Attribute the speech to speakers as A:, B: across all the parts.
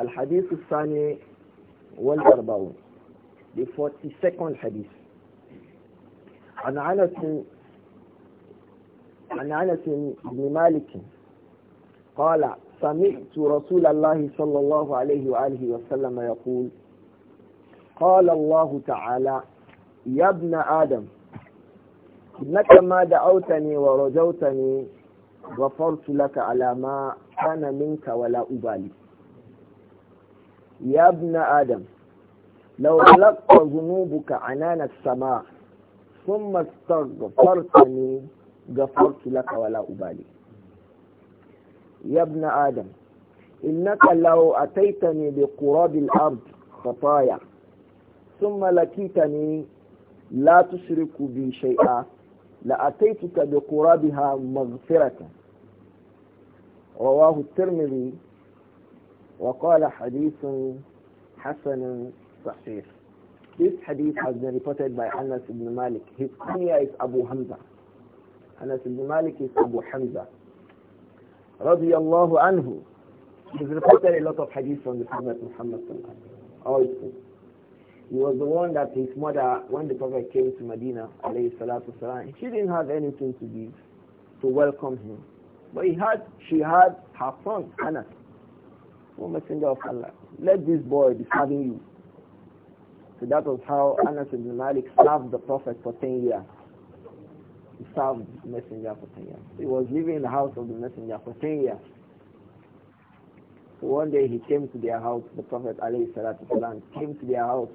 A: الحديث الثاني والأربعون the 42nd عن عنس عن عنس بن مالك قال سمعت رسول الله صلى الله عليه وآله وسلم يقول قال الله تعالى يا ابن آدم إنك ما دعوتني ورجوتني غفرت لك على ما كان منك ولا أبالي يا ابن آدم لو تلقى ذنوبك عنان السماء ثم استغفرتني غفرت لك ولا أبالي يا ابن آدم إنك لو أتيتني بقراب الأرض خطايا ثم لكيتني لا تشرك بي شيئا لأتيتك بقرابها مغفرة رواه الترمذي وقال حديث حسن صحيح This hadith has been reported by Anas ibn Malik. His kunya is Abu Hamza. Anas ibn Malik is Abu Hamza. رضي الله عنه. He's reported a lot of hadith from the Prophet Muhammad also. He was the one that his mother, when the Prophet came to Medina, she didn't have anything to give to welcome him. But he had, she had her son, Anas. O Messenger of Allah, let this boy be serving you. So that was how Anas ibn Malik served the Prophet for 10 years. He served the Messenger for 10 years. He was living in the house of the Messenger for 10 years. So one day he came to their house, the Prophet came to their house.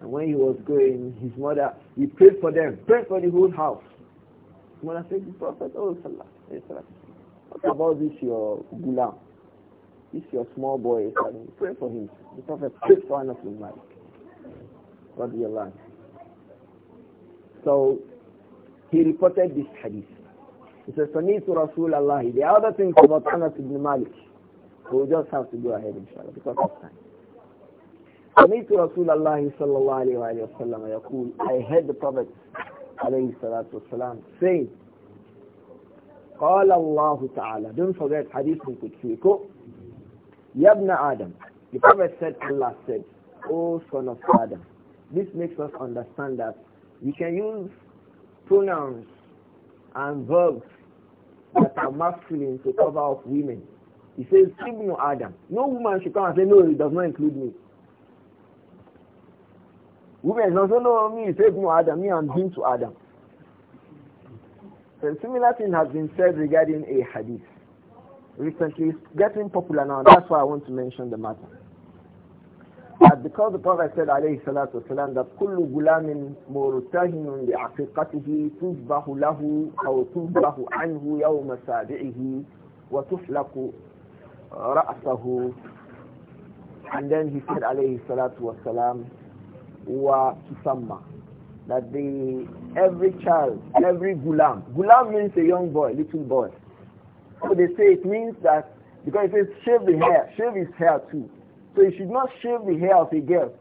A: And when he was going, his mother, he prayed for them, prayed for the whole house. His mother said, the Prophet, oh, salat, what about this your gulam? If your small boy is having, pray for him. The Prophet prayed for Anas bin Malik. Radiallahu So, he reported this hadith. He says, Rasul Allah." The other thing about Anas bin Malik, we'll just have to go ahead inshallah because of time. سمعت Rasul Allah. Sallallahu الله عليه وآله وسلم I heard the Prophet عليه الصلاة والسلام saying قال الله تعالى don't forget hadith in Kutsiko Yabna Adam. The Prophet said, Allah said, O son of Adam. This makes us understand that we can use pronouns and verbs that are masculine to cover up women. He says, Ibn Adam. No woman should come and say, no, it does not include me. Women don't say, no, me, it's Ibn Adam. Me, I'm to Adam. a similar thing has been said regarding a hadith recently. It's getting popular now. That's why I want to mention the matter. But because the Prophet said, alayhi salatu wasalam, that kullu gulamin كل bi مرتهن بعقيقته تذبح له أو anhu عنه يوم wa وتفلق رأسه and then he said alayhi salatu wasalam wa tusamma that the every child every gulam gulam means a young boy little boy so they say it means that because it says shave the hair, shave his hair too. So you should not shave the hair of a girl,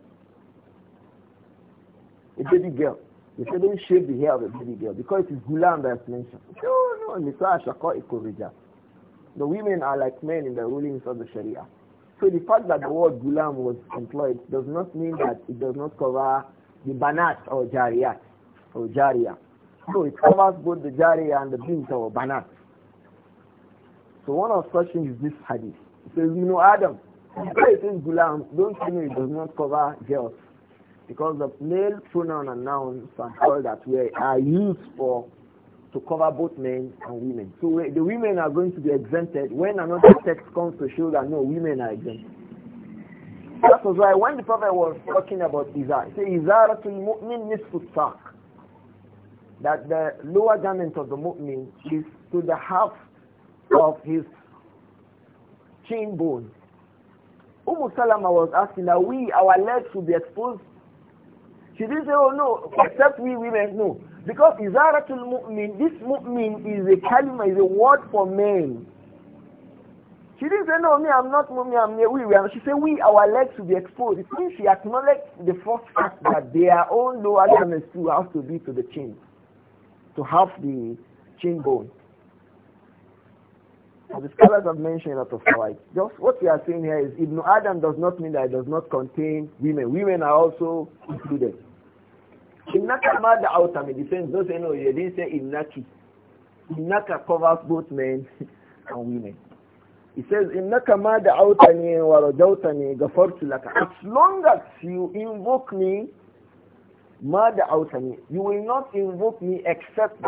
A: a baby girl. They say don't shave the hair of a baby girl because it is gulam that is No, no, Nisa Ashaka Ikorija. The women are like men in the rulings of the Sharia. So the fact that the word gulam was employed does not mean that it does not cover the banat or jaria or jaria. So it covers both the jaria and the bint or banat. So one of such things is this hadith. It says, you know, Adam, it says gulam, don't you know it does not cover girls. Because the male pronoun and noun and all that were are used for to cover both men and women. So the women are going to be exempted when another text comes to show that no, women are exempted. That was why when the Prophet was talking about Izar, he said, means mu'min nisfu that the lower garment of the mu'min is to the half of his chin bone. Umm Salama was asking that we, our legs should be exposed. She didn't say, oh no, except we women, no. Because Izaratul Mu'min, this Mu'min is a kalima, is a word for men. She didn't say, no, me, I'm not Mu'min, I'm we. She said, we, our legs should be exposed. It means she acknowledged the first fact that their own lower limits too have to be to the chin, to have the chin bone. As the scholars have mentioned out of fight. Just what we are saying here is Ibn Adam does not mean that it does not contain women. Women are also included. Innaka the outa may not those no you didn't say innaki. Innaka covers both men and women. He says, Innaka the outani wa rajautani gafartu As long as you invoke me, mada outani, you will not invoke me except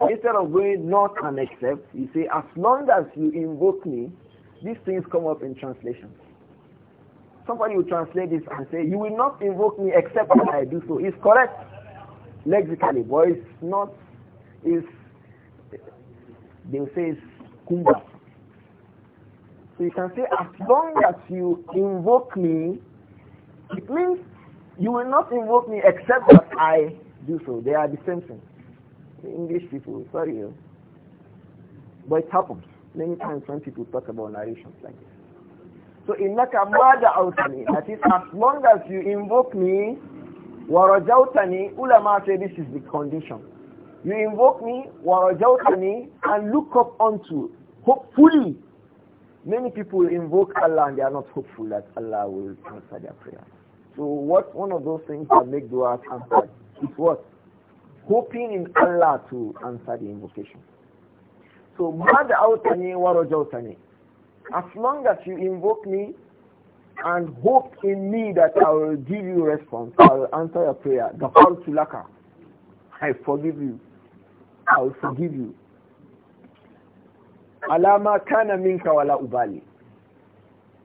A: Instead of going not and except, you say, as long as you invoke me, these things come up in translation. Somebody will translate this and say, you will not invoke me except that I do so. It's correct, lexically, but it's not, it's, they'll say it's kumba. So you can say, as long as you invoke me, it means you will not invoke me except that I do so. They are the same thing. English people, sorry. You. But it happens. Many times when people talk about narrations like this. So innaka mada outani, that is as long as you invoke me, warajautani, ulama say this is the condition. You invoke me, warajautani, and look up unto, hopefully. Many people invoke Allah and they are not hopeful that Allah will answer their prayer. So what one of those things that make dua answer? is what? hoping in Allah to answer the invocation. So mad outani As long as you invoke me and hope in me that I will give you response, I will answer your prayer. Gafar tulaka. I forgive you. I will forgive you. Alama kana minka wala ubali.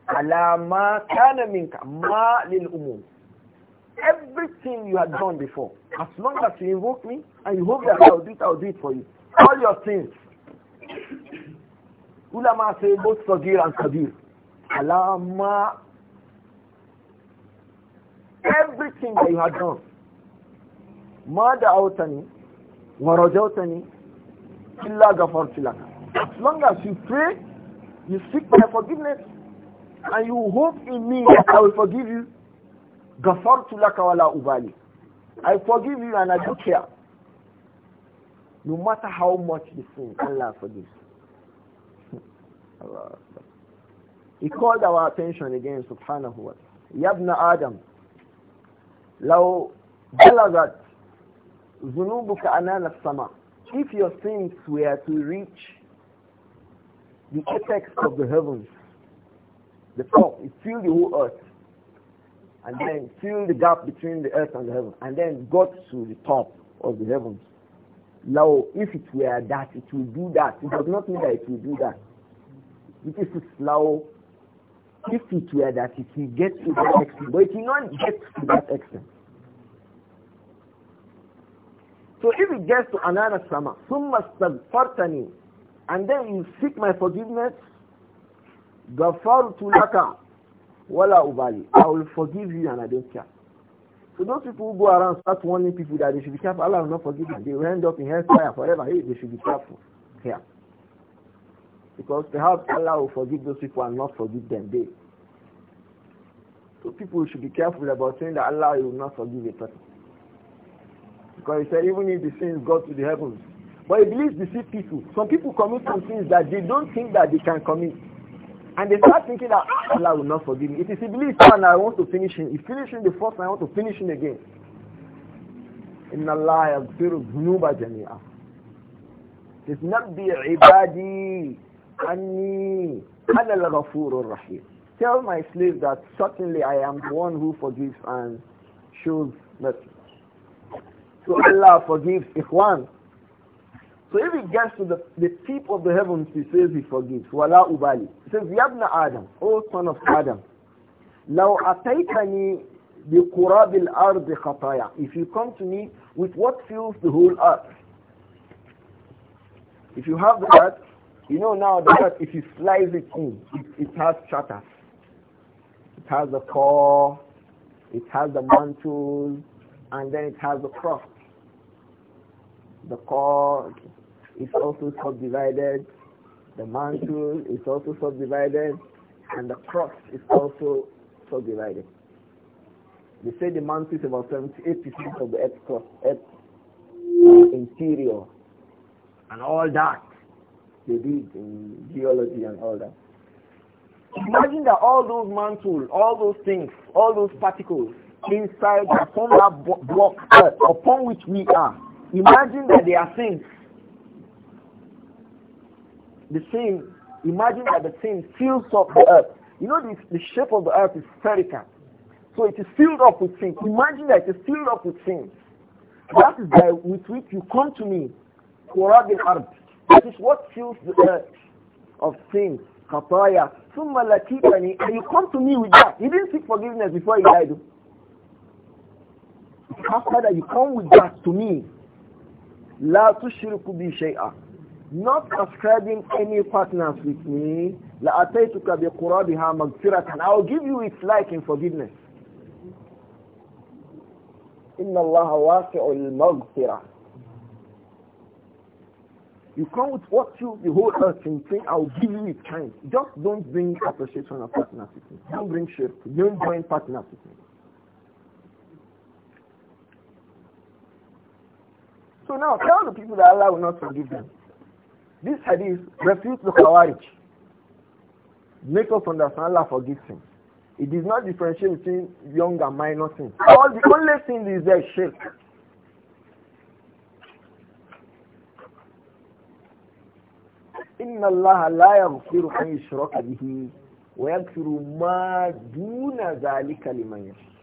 A: Alama kana minka. Ma lil umum. Everything you had done before, as long as you invoke me and you hope that I'll do it, I'll do it for you. All your sins. Ulama say both Sagir and Kabir. Alama. Everything that you had done. ما دعوتني ورجوتني إلا غفرت لك as long as you pray you seek my forgiveness and you hope in me that I will forgive you Ghafartu laka wala ubali. I forgive you and I don't care. No matter how much you sin, Allah forgives. He called our attention again, subhanahu wa ta'ala. Yabna Adam, balagat بلغت ذنوبك أنان sama. If your sins were to reach the apex of the heavens, the top, it filled the whole earth and then fill the gap between the earth and the heaven, and then got to the top of the heavens. Now, if it were that, it will do that. It does not mean that it will do that. It is now, if it were that, it will get to that extent, but it will not get to that extent. So if it gets to another sama, summa staghfartani, and then you seek my forgiveness, ghafartu laka, Wala ubali. I will forgive you and I don't care. So those people who go around start warning people that they should be careful. Allah will not forgive them. They will end up in hellfire forever. Hey, they should be careful here. Because perhaps Allah will forgive those people and not forgive them. They. So people should be careful about saying that Allah will not forgive a person. Because he said even if the sins go to the heavens. But he believes deceive people. Some people commit some sins that they don't think that they can commit. And they start thinking that ah, Allah will not forgive me. It is Iblis and I want to finish him. If finishing the first, I want to finish him again. إن الله يغفر الذنوب جميعا. تنبي عبادي أني أنا الغفور الرحيم. Tell my slave that certainly I am the one who forgives and shows mercy. So Allah forgives Ikhwan. So if it gets to the, the tip of the heavens, he says he forgives. Wala ubali. He says, Yabna Adam, O son of Adam, لو أتيتني بقراب الأرض خطايا. If you come to me with what fills the whole earth. If you have the earth, you know now the earth, if you slice it in, it, it has shatters. It has the core, it has the mantle, and then it has the crust. The core, is also subdivided, the mantle is also subdivided, and the cross is also subdivided. They say the mantle is about 78% of the earth cross, earth uh, interior, and all that they did in geology and all that. Imagine that all those mantles, all those things, all those particles inside upon that block earth upon which we are, imagine that they are things the thing, imagine that the thing fills up the earth. You know the, the shape of the earth is spherical. So it is filled up with things. Imagine that it is filled up with things. That is by with which you come to me. Qurab bin This That is what fills the earth of things. Qataya. And you come to me with that. You didn't seek forgiveness before you died. After that, you come with that to me. La tushriku bi shay'a not ascribing any partners with me, لَأَتَيْتُكَ بِقُرَابِهَا مَغْفِرَةً I will give you its like in forgiveness. إِنَّ اللَّهَ al الْمَغْفِرَةِ You come with what you, behold us and think, I will give you its chance. Just don't bring appreciation of partners with me. Don't bring shirk. Don't join partners with me. So now tell the people that Allah will not forgive them. This hadith refutes the Khawarij. Make us understand Allah forgives him. It does not differentiate between young and minor sins. All the only sin is their shirk. إن الله لا يغفر أن يشرك به ويغفر ما دون ذلك لمن يشاء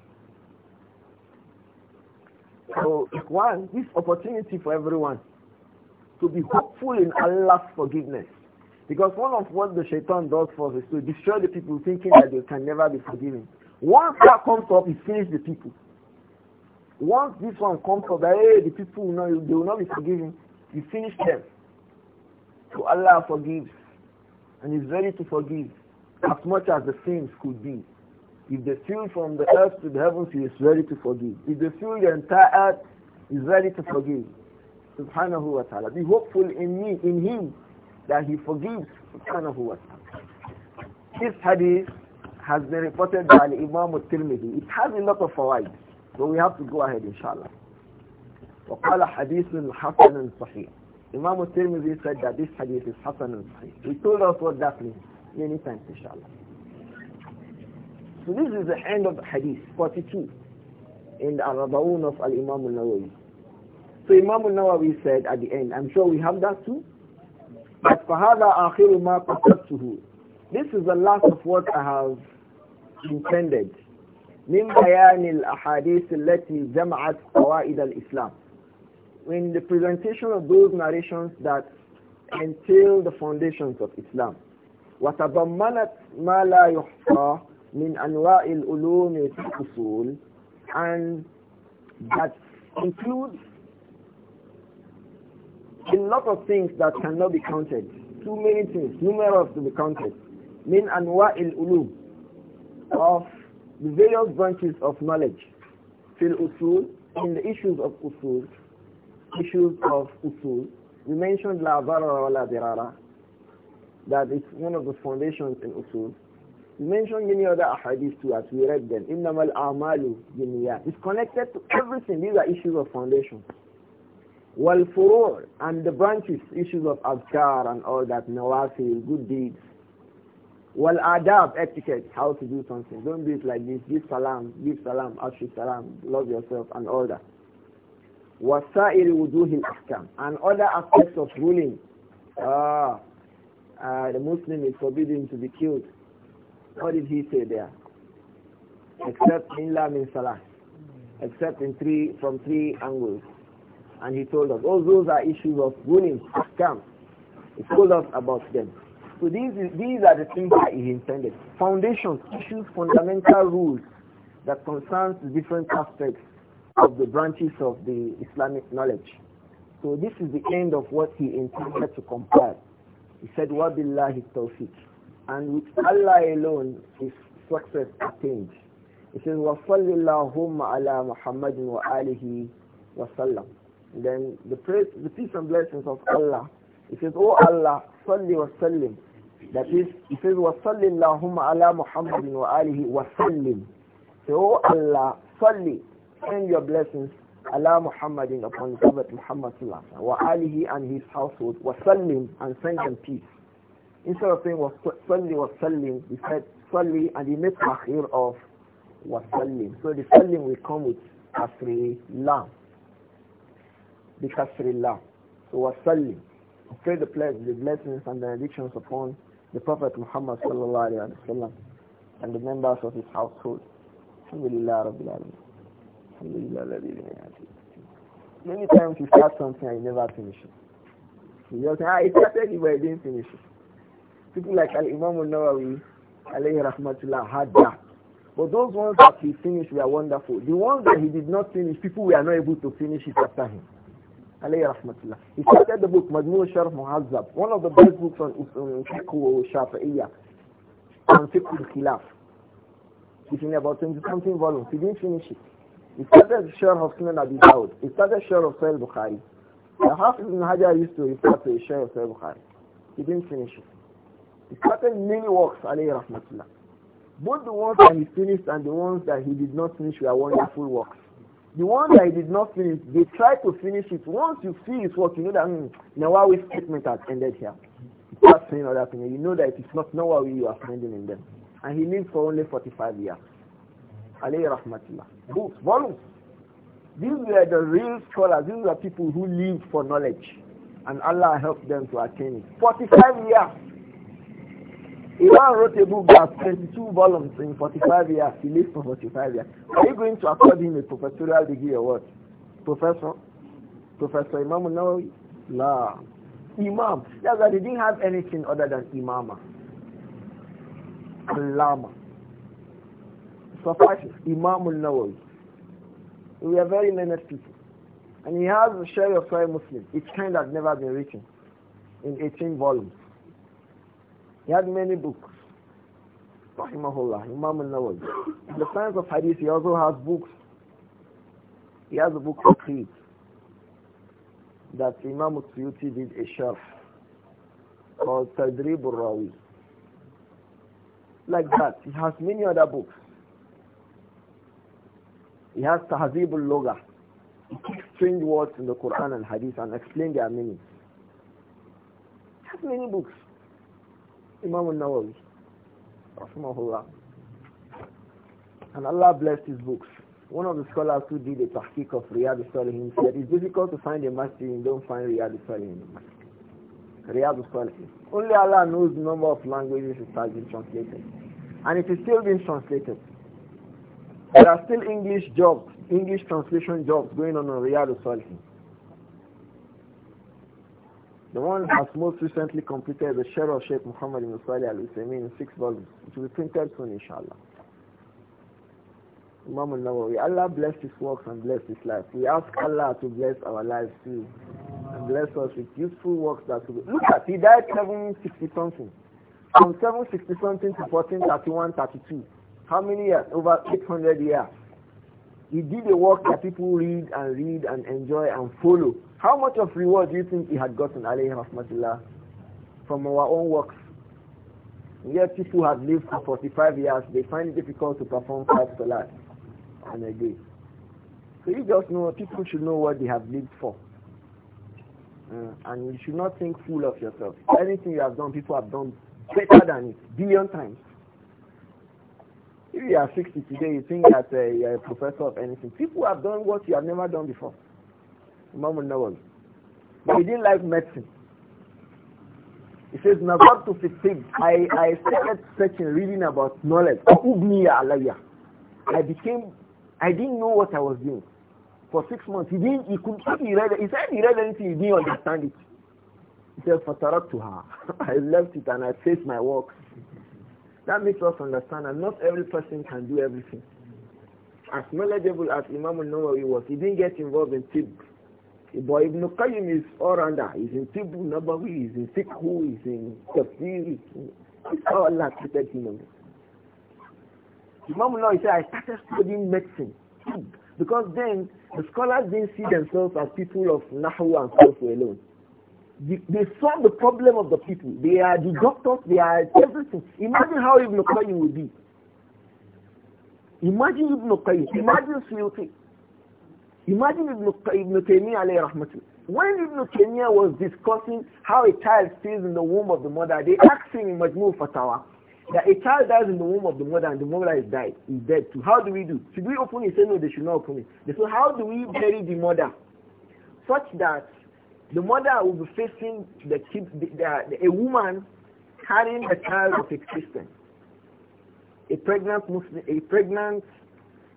A: So, one, this opportunity for everyone to be hopeful in Allah's forgiveness. Because one of what the shaitan does for us is to destroy the people thinking that they can never be forgiven. Once that comes up, it finishes the people. Once this one comes up, that, hey, the people will not, they will not be forgiven, you finish them. So Allah forgives and is ready to forgive as much as the sins could be. If they feel from the earth to the heavens, he is ready to forgive. If they feel the entire earth, he is ready to forgive subhanahu wa ta'ala. Be hopeful in me, in him, that he forgives subhanahu wa ta'ala. This hadith has been reported by Imam al-Tirmidhi. It has a lot of fawaid, so we have to go ahead inshallah. وقال حديث حسن صحيح Imam al-Tirmidhi said that this hadith is Hassan al-Sahih. He told us what that means many times, inshallah. So this is the end of the hadith, 42, in the Araba'un of Al-Imam al-Nawawi. So Imam al-Nawawi said at the end, I'm sure we have that too. But فَهَذَا آخِرُ مَا قَصَدْتُهُ This is the last of what I have intended. من بيان الأحاديث التي جمعت قواعد الإسلام In the presentation of those narrations that entail the foundations of Islam. وتضمنت ما لا يحصى من أنواع العلوم في الأصول and that includes a lot of things that cannot be counted. Too many things, numerous to be counted. Min anwa il ulu of the various branches of knowledge. Fil usul, in the issues of usul, issues of usul, we mentioned la barara wa la dirara, that it's one of the foundations in usul. We mentioned many other ahadith too as we read them. Innamal amalu jinniyah. It's connected to everything. These are issues of foundation wal furur and the branches, issues of adkar and all that, nawafil, good deeds. Wal adab, etiquette, how to do something. Don't do it like this. Give salam, give salam, ashu salam, love yourself and all that. Wasa'iri wuduhil ahkam and other aspects of ruling. Ah, uh, the Muslim is forbidden to be killed. What did he say there? Except in la min salah. Except in three, from three angles. And he told us, all oh, those are issues of ruling, scam. He told us about them. So these, is, these are the things that he intended. Foundations, issues, fundamental rules that concerns the different aspects of the branches of the Islamic knowledge. So this is the end of what he intended to compile. He said, وَبِاللَّهِ tawfiq, And with Allah alone is success attained. He says, ala اللَّهُمَّ wa Alihi wa sallam." Then the praise, the peace and blessings of Allah. He says, Oh Allah, salli wa sallim. That is, he says, wa sallim Allahumma ala Muhammadin wa alihi wa sallim. Say, Oh Allah, salli, send your blessings ala Muhammadin upon the Prophet Muhammad wa alihi and his household wa sallim and send them peace. Instead of saying wa salli wa sallim, he said salli and he made takhir of wa sallim. So the sallim will come with asri lam. بِكَسْرِ So who Pray the pledge, the blessings and benedictions upon the Prophet Muhammad sallallahu alayhi wa sallam and the members of his household. Alhamdulillah Rabbil Alameen. Alhamdulillah Rabbil Alameen. Many times you start something and you never finish it. You just say, ah, it started but I didn't finish it. People like Al-Imam al-Nawawi, alayhi rahmatullah, had that. But those ones that he finished were wonderful. The ones that he did not finish, people were not able to finish it after him alayhi rahmatullah. He started the book Majmu' Sharf Muhazzab, one of the best books on Fiqh Shafi'iyah, on Fiqh Khilaf. He in about 20 something volumes. He didn't finish it. He started Sharh of Sunan Abi Dawud. He started Sharh of Sahih Bukhari. The of ibn Hajar used to refer to Sharh of Sahih Bukhari. He didn't finish it. He started many works, alayhi rahmatullah. Both the ones that he finished and the ones that he did not finish were wonderful works. The one that did not finish, they try to finish it. Once you see it's what you know that hmm, we statement has ended here. That's another thing. You know that it is not Nawawi you are finding in them. And he lived for only 45 years. Alayhi rahmatullah. Books, volumes. These were the real scholars. These were people who lived for knowledge. And Allah helped them to attain it. 45 years. Imam wrote a book that 22 volumes in 45 years. He lived for 45 years. Are you going to accord him a professorial degree or what? Professor? Professor Imam no. La. Imam. That's why they didn't have anything other than Imama. Allama. Suffices. Imam Nawawi. We are very learned people. And he has a share of Sahih Muslim. It's kind that never been written in 18 volumes. He had many books. Rahimahullah, Imam al-Nawawi. In the science of hadith, he also has books. He has a book of Creed that Imam al-Suyuti did a sharf called Tadrib al-Rawi. Like that. He has many other books. He has Tahzib al-Loga. He takes strange words in the Quran and Hadith and explains their meaning. He has many books. Imam al-Nawawi, rahimahullah. And Allah blessed his books. One of the scholars who did a tahqiq of Riyadh al-Salihin said, it's difficult to find a masjid and don't find Riyadh al-Salihin. Riyadh al-Salihin. Only Allah knows the number of languages it has been translated. And it is still being translated. There are still English jobs, English translation jobs going on in Riyadh al-Salihin. The one has most recently completed the Share of Sheikh Muhammad ibn Salih al Uthaymeen in six volumes, which will be printed soon, inshallah. Imam al-Nawawi, Allah bless his works and bless his life. We ask Allah to bless our lives too. And bless us with useful works that we... Look at, he died 760 something. From 760 something to 1431, 32. How many years? Over 800 years. He did a work that people read and read and enjoy and follow. How much of reward do you think he had gotten, alayhi rahmatullah, from our own works? Yet people have lived for 45 years, they find it difficult to perform five salat on a day. So you just know, people should know what they have lived for. Uh, and you should not think fool of yourself. Anything you have done, people have done better than it, billion times. If you are 60 today, you think that uh, you are a professor of anything. People have done what you have never done before. Imam al-Nawawi. But he didn't like medicine. He says, Nazartu fi tib. I, I started searching, reading about knowledge. I became, I didn't know what I was doing. For six months, he didn't, he could, he read, he said he read anything, he didn't understand it. He said, Fatarat to her. I left it and I faced my work. That makes us understand that not every person can do everything. As knowledgeable as Imam al-Nawawi was, he didn't get involved in tib. But Ibn Qayyim is all rounder. He's in Tibu Nabawi, he's in Fiqhu, he's in Tafsir. It's all Allah treated him Imam Allah, he said, I started studying medicine because then the scholars didn't see themselves as people of Nahu and Sofu alone. They, they solve the problem of the people. They are the doctors, they are everything. Imagine how Ibn Qayyim would be. Imagine Ibn Qayyim, imagine Suyuti, Imagine Ibn, Ibn Taymiyyah alayhi rahmatullah. When Ibn Taymiyyah was discussing how a child stays in the womb of the mother, they asked him in Majmu Fatawa that a child dies in the womb of the mother and the mother is died, is dead too. How do we do? Should we open it? He said, no, they should not open it. They said, how do we bury the mother? Such that the mother will be facing the the, the, the, a woman carrying the child of existence. A pregnant Muslim, a pregnant,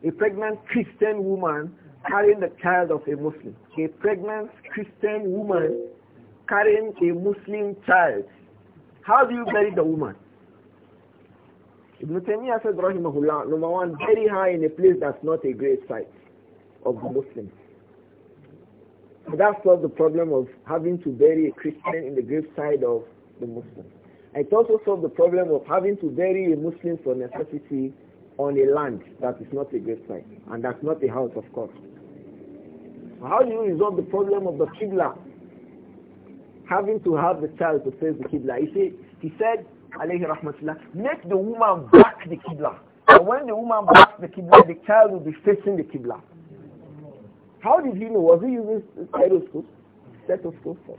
A: a pregnant Christian woman carrying the child of a Muslim, a pregnant Christian woman carrying a Muslim child. How do you bury the woman? Ibn Taymiyyah said, Rahimahullah, number one, very high in a place that's not a great site of the Muslims. So that not the problem of having to bury a Christian in the grave site of the Muslim. It also solves the problem of having to bury a Muslim for necessity on a land that is not a grave site and that's not a house, of course. How do you resolve the problem of the Qibla? Having to have the child to face the Qibla. He said, he said alayhi rahmatullah, make the woman back the Qibla. And when the woman backs the Qibla, the child will be facing the Qibla. How did he know? Was he using stethoscope? Stethoscope for?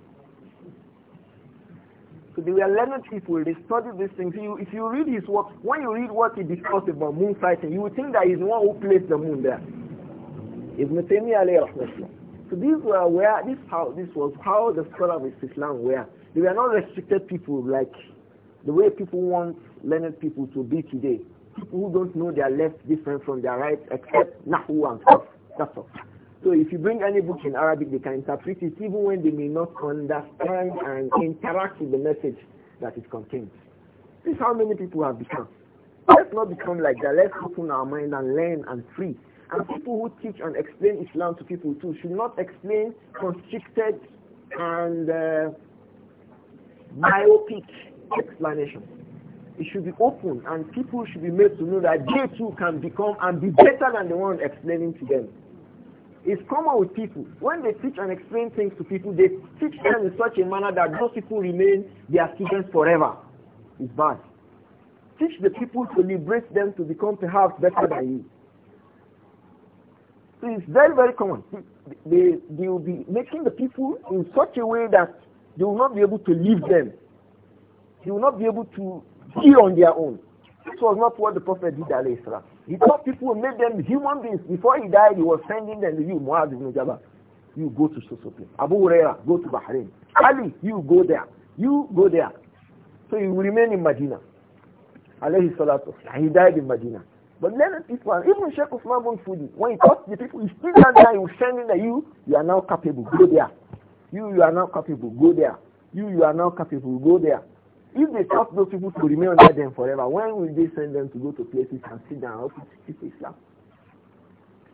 A: So they were learned people, they studied these things. You, if you read his work, when you read what he discussed about moon sighting, you would think that he's the one who placed the moon there. Ibn Taymiyyah So these were where this how this was how the scholars of Islam were. They were not restricted people like the way people want learned people to be today. People who don't know their left different from their right except Nahu and Qaf. That's all. So if you bring any book in Arabic, they can interpret it even when they may not understand and interact with the message that it contains. This is how many people have become. Let's not become like that. Let's open our mind and learn and free. And people who teach and explain Islam to people too should not explain constricted and uh, myopic explanations. It should be open and people should be made to know that they too can become and be better than the one explaining to them. It's common with people. When they teach and explain things to people, they teach them in such a manner that those people remain their students forever. It's bad. Teach the people to liberate them to become perhaps better than you. It's very, very common. They, they will be making the people in such a way that they will not be able to leave them. They will not be able to be on their own. This was not what the Prophet did, alayhi He taught people, made them human beings. Before he died, he was sending them to you, Muaz ibn Jabal. You go to Sosopin. Abu Huraira, go to Bahrain. Ali, you go there. You go there. So he will remain in Medina. Alayhi salatu. He died in Medina. But let the people, even Sheikh Usman bin when he to the people, he still that guy, he was sending that you, you are now capable, go there. You, you are now capable, go there. You, you are now capable, go there. If they trust those people to remain under them forever, when will they send them to go to places and sit down and teach Islam?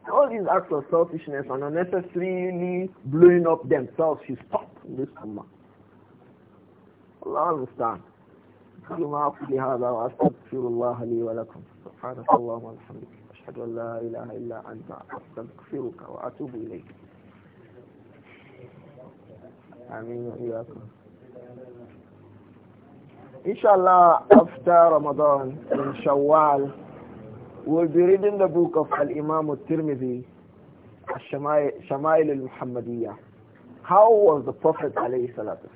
A: All these acts of selfishness and unnecessarily blowing up themselves should stop in this Ummah. Allah understand. الله سبحانك اللهم وبحمدك أشهد أن لا إله إلا أنت أستغفرك وأتوب إليك آمين وإياكم إن شاء الله after Ramadan, in Shawwal, we'll be reading the book of Al-Imam al-Tirmidhi, Shamail al muhammadiyya How was the Prophet alayhi salatu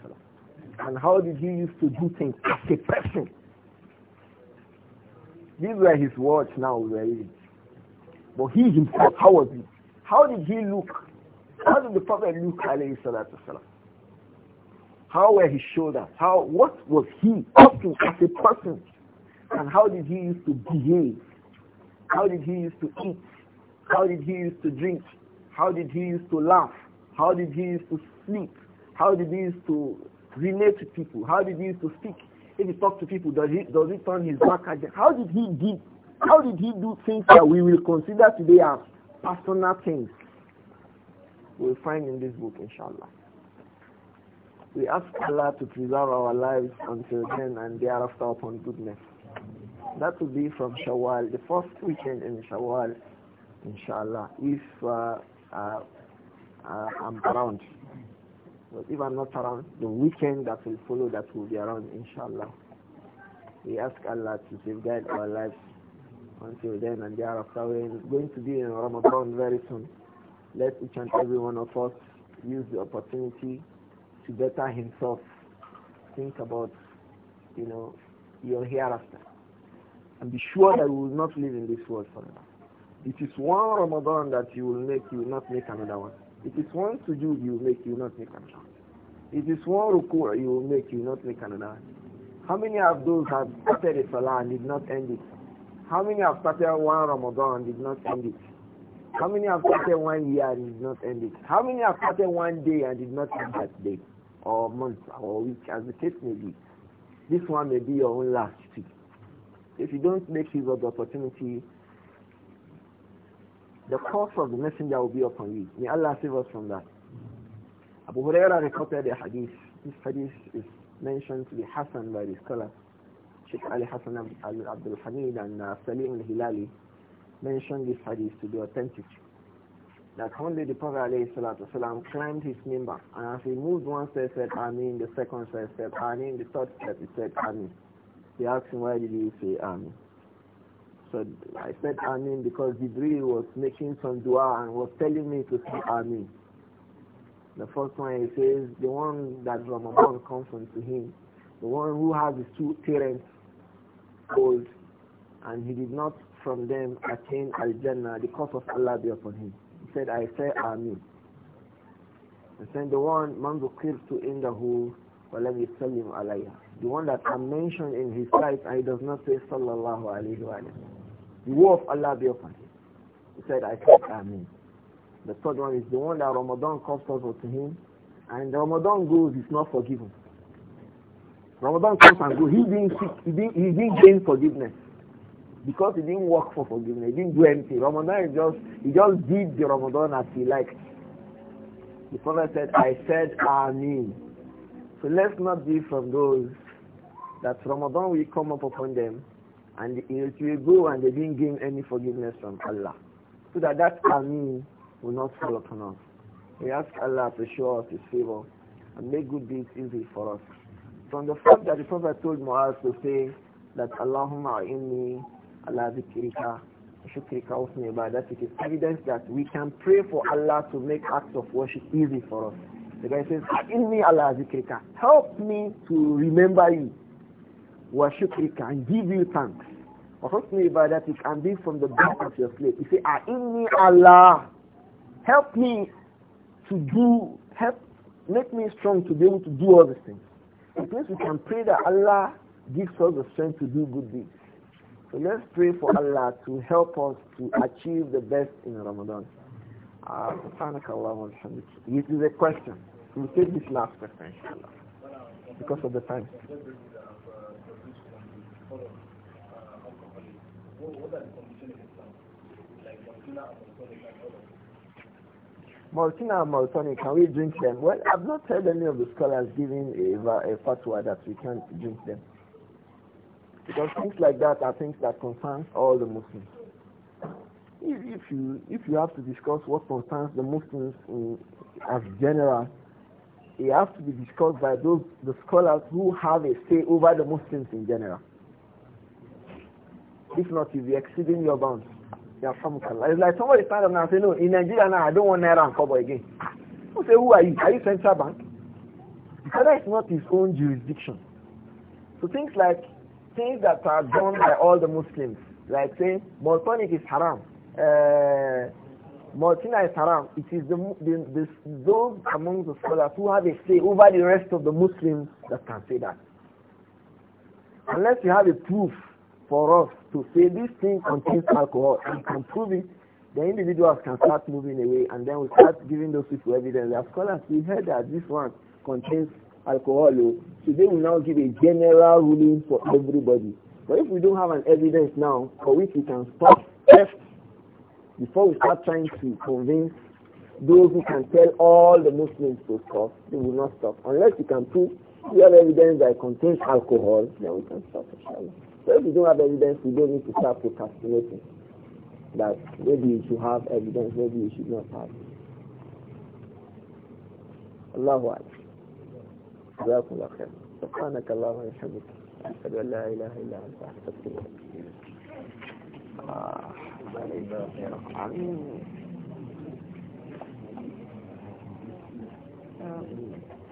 A: and how did he used to do things as a person? These were his words now we were reading. But he himself, how was he? How did he look? How did the Prophet look, alayhi salatu salam? How were his shoulders? How, what was he up to as a person? And how did he used to behave? How did he used to eat? How did he used to drink? How did he used to laugh? How did he used to sleep? How did he used to relate to people? How did he used to speak? If he talks to people, does he does he turn his back at them? How did he did how did he do things that we will consider today as personal things? We'll find in this book, inshallah. We ask Allah to preserve our lives until then and thereafter upon goodness. That will be from Shawwal, the first weekend in Shawwal, inshallah, if uh, uh, uh, I'm around. But if I'm not around, the weekend that will follow that will be around, inshallah. We ask Allah to safeguard our lives until then and thereafter. We're going to be in Ramadan very soon. Let each and every one of us use the opportunity to better himself. Think about, you know, your hereafter. And be sure that we will not live in this world forever. It is one Ramadan that you will make, you will not make another one. It is one to do you make, you not make another. It is one ruku you make, you not make another. How many of those have started a salah and did not end it? How many have started one Ramadan and did not end it? How many have started one year and did not end it? How many have started one day and did not end that day? Or month or week as the case may be. This one may be your own last week. If you don't make use of the opportunity, the curse of the messenger will be upon you. May Allah save us from that. Abu Huraira reported the hadith. This hadith is mentioned to be Hassan by the scholar Sheikh Ali Hassan Abdul Hamid and uh, Salim al-Hilali mentioned this hadith to be authentic. That one day the Prophet والسلام, climbed his member and as he moved one step said Amin, the second step said Amin, the third step he said Amin. They asked him why did he say Amin? said, I said Amin because Jibril was making some dua and was telling me to say Amin. The first one he says, the one that Ramadan comes from to him, the one who has his two parents old and he did not from them attain Al-Jannah, the curse of Allah be upon him. He said, I say Amin. And then the one, Man to Indahu, tell yusallim alayha. The one that I mentioned in his life, I does not say sallallahu alayhi wa the woe of Allah be upon him. He said, I said, Ameen. The third one is the one that Ramadan comes over to him, and Ramadan goes, he's not forgiven. Ramadan comes and goes. He didn't seek, he didn't, he didn't gain forgiveness because he didn't work for forgiveness. He didn't do anything. Ramadan is just he just did the Ramadan as he liked. The Prophet said, "I said Amin." So let's not be from those that Ramadan will come up upon them and it will go and they didn't gain any forgiveness from Allah. So that that Amin will not fall upon us. We ask Allah to show us His favor and make good deeds easy for us. From the fact that the Prophet told Muaz to say that Allahumma inni ala zikrika, shukrika usni that it is evidence that we can pray for Allah to make acts of worship easy for us. The guy says, inni ala zikrika, help me to remember you wa it and give you thanks. Wa husni ibadatik and be from the back of your slave. You say, Ah, inni Allah, help me to do, help, make me strong to be able to do all these things. It means we can pray that Allah gives us the strength to do good deeds. So let's pray for Allah to help us to achieve the best in Ramadan. Ah, it is a question. We'll take this last question, inshallah, because of the time what, are the conditions Like and Maltina and Maltonic, can we drink them? Well, I've not heard any of the scholars giving a, a fatwa that we can't drink them. Because things like that are things that concerns all the Muslims. If, if you if you have to discuss what concerns the Muslims in, as general, it has to be discussed by those the scholars who have a say over the Muslims in general. If not, you'll be exceeding your bounds. It's like somebody stand up now and say, no, in Nigeria now, I don't want Naira and Kobo again. Who say, who are you? Are you central bank? Because that is not his own jurisdiction. So things like, things that are done by all the Muslims, like saying, Maltonic is haram. Uh, is haram. It is the, the, the, those among the scholars who have a say over the rest of the Muslims that can say that. Unless you have a proof for us to say this thing contains alcohol and can prove it, the individuals can start moving away and then we start giving those people evidence. As as we heard that this one contains alcohol. Oh. Today we now give a general ruling for everybody. But if we don't have an evidence now for which we can stop theft before we start trying to convince those who can tell all the Muslims to stop, they will not stop. Unless we can prove we have evidence that contains alcohol, then we can stop, inshallah. So if you don't have evidence, you don't need to start procrastinating. That maybe you should have evidence, maybe you should not have. Allahu Akbar. جزاكم الله خير سبحانك اللهم وبحمدك أشهد أن لا إله إلا أنت أستغفرك آمين